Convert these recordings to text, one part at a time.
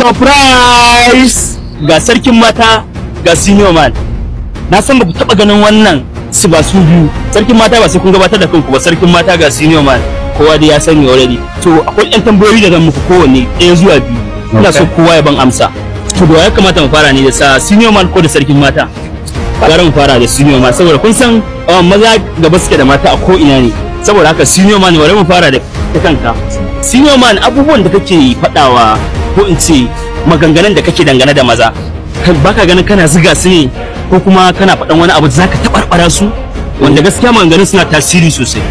surprise ga sarkin mata ga senior man na san ba ku taba ganin wannan su ba su biyu sarkin mata ba sai kun gabatar da kanku ba sarkin mata ga senior man kowa dai ya sani already to akwai yan tambayoyi da zan muku kowanne ɗaya zuwa biyu ina so kowa ya ban amsa to da ya kamata mu fara ne da sa senior man ko da sarkin mata gara mu fara da senior man saboda kun san ah, maza gaba suke da mata a ko ina ne saboda haka senior man ware mu fara da kanka senior man abubuwan da kake faɗawa ko in ce maganganun da kake dangane da maza baka ganin kana ziga su ne ko kuma kana faɗan wani abu zaka taɓarɓara su wanda gaskiya maganganun suna tasiri sosai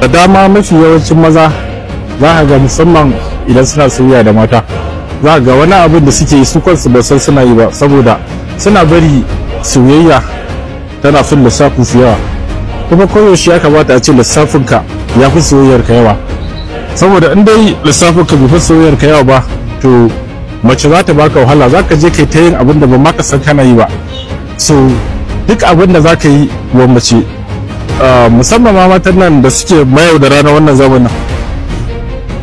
da dama mafi yawancin maza za ka ga musamman idan suna soyayya da mata za ga wani abin da suke yi su kansu ba san suna yi ba saboda suna bari soyayya tana fin lissafin su yawa kuma koyaushe ya kamata a ce lissafinka ya fi soyayyarka yawa saboda in dai lissafinka bai fi soyayyarka yawa ba to mace za ta baka wahala za ka je kai ta yin abin da ba ma ka san kana yi ba so duk abin da za ka yi wa mace musamman ma matan nan da suke mayau da rana wannan zamanin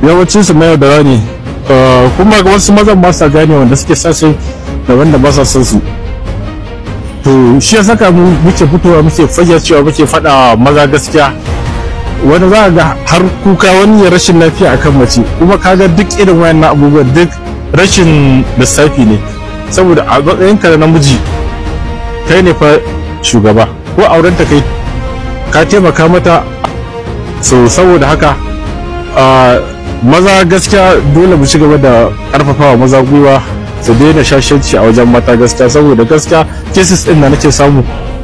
yawancin su mayau da rani kuma wasu mazan ba sa gane wanda suke sa su da wanda ba sa san su to shi ya saka muke fitowa muke fayyacewa muke faɗa maza gaskiya wani za a ga har kuka wani ya rashin lafiya akan mace kuma kaga duk irin na abubuwan duk rashin lissafi ne saboda a matsayinka da namiji kai ne fa shugaba ko aurenta kai ka taimaka mata so saboda haka maza gaskiya dole mu ci gaba da karfafawa maza gwiwa su daina shashanci a wajen mata gaskiya saboda gaskiya cases din da nake samu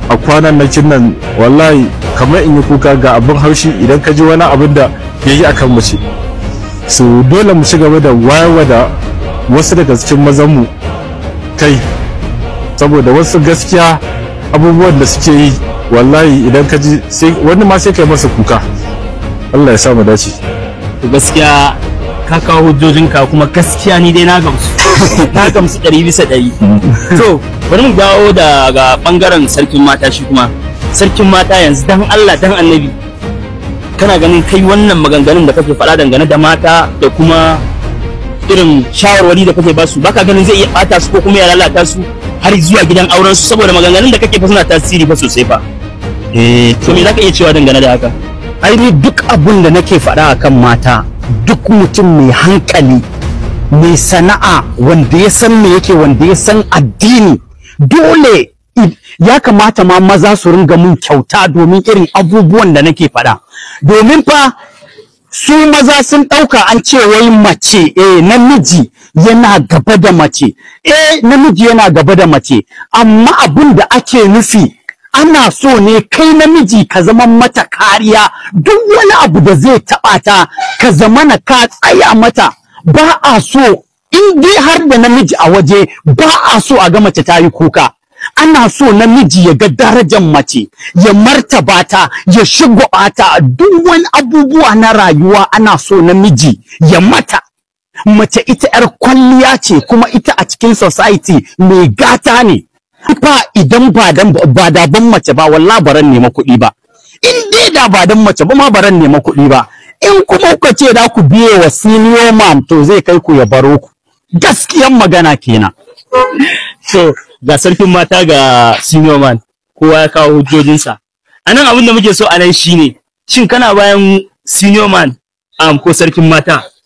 a kwanan na cin nan wallahi kamar in yi kuka ga abin haushi idan ka ji wani abin da ya yi akan mace so dole mu ci gaba da wayarwa da wasu daga cikin mazanmu kai saboda wasu gaskiya abubuwan da suke yi wallahi idan ka ji wani ma sai kai masa kuka Allah ya sa mu dace gaskiya ka kawo hujjojinka kuma gaskiya ni dai na gamsu na gamsu ɗari bisa ɗari to bari mu dawo daga ɓangaren sarkin mata shi kuma sarkin mata yanzu dan Allah dan annabi kana ganin kai wannan maganganun da kake faɗa dangane da mata da kuma irin shawarwari da kake basu baka ganin zai iya bata su ko kuma ya lalata su har zuwa gidan auren su saboda maganganun da kake fa suna tasiri fa sosai fa eh to me zaka iya cewa dangane da haka ai ni duk abun da nake faɗa akan mata duk mutum mai hankali mai sana'a wanda ya san me yake wanda ya san addini dole ya kamata ma maza su ringa mun kyauta domin irin abubuwan da nake faɗa domin fa su maza sun ɗauka an ce wai mace eh namiji yana gaba da mace eh namiji yana gaba da mace amma abin da ake nufi ana so ne kai namiji ka zama mata kariya duk wani abu da zai taɓa ta ka zama ka tsaya mata ba a so in dai har da namiji a waje ba a so a ga mace ta yi kuka ana so namiji ya ga darajar mace ya martaba ta ya shigo ta duk wani abubuwa na rayuwa ana so namiji ya mata mace ita 'yar kwalliya ce kuma ita a cikin society mai gata ne ba idan ba dan ba da ban mace ba walla baran nema kuɗi ba in dai da ba dan mace ba ma baran nema kuɗi ba in kuma kuka ce da ku biye wa senior mom to zai kai ku ya baro ku gaskiyan magana kenan so ga sarkin mata ga senior man kowa ya kawo hujjojinsa anan abin da muke so anan shine shin kana bayan senior man um, ko sarkin mata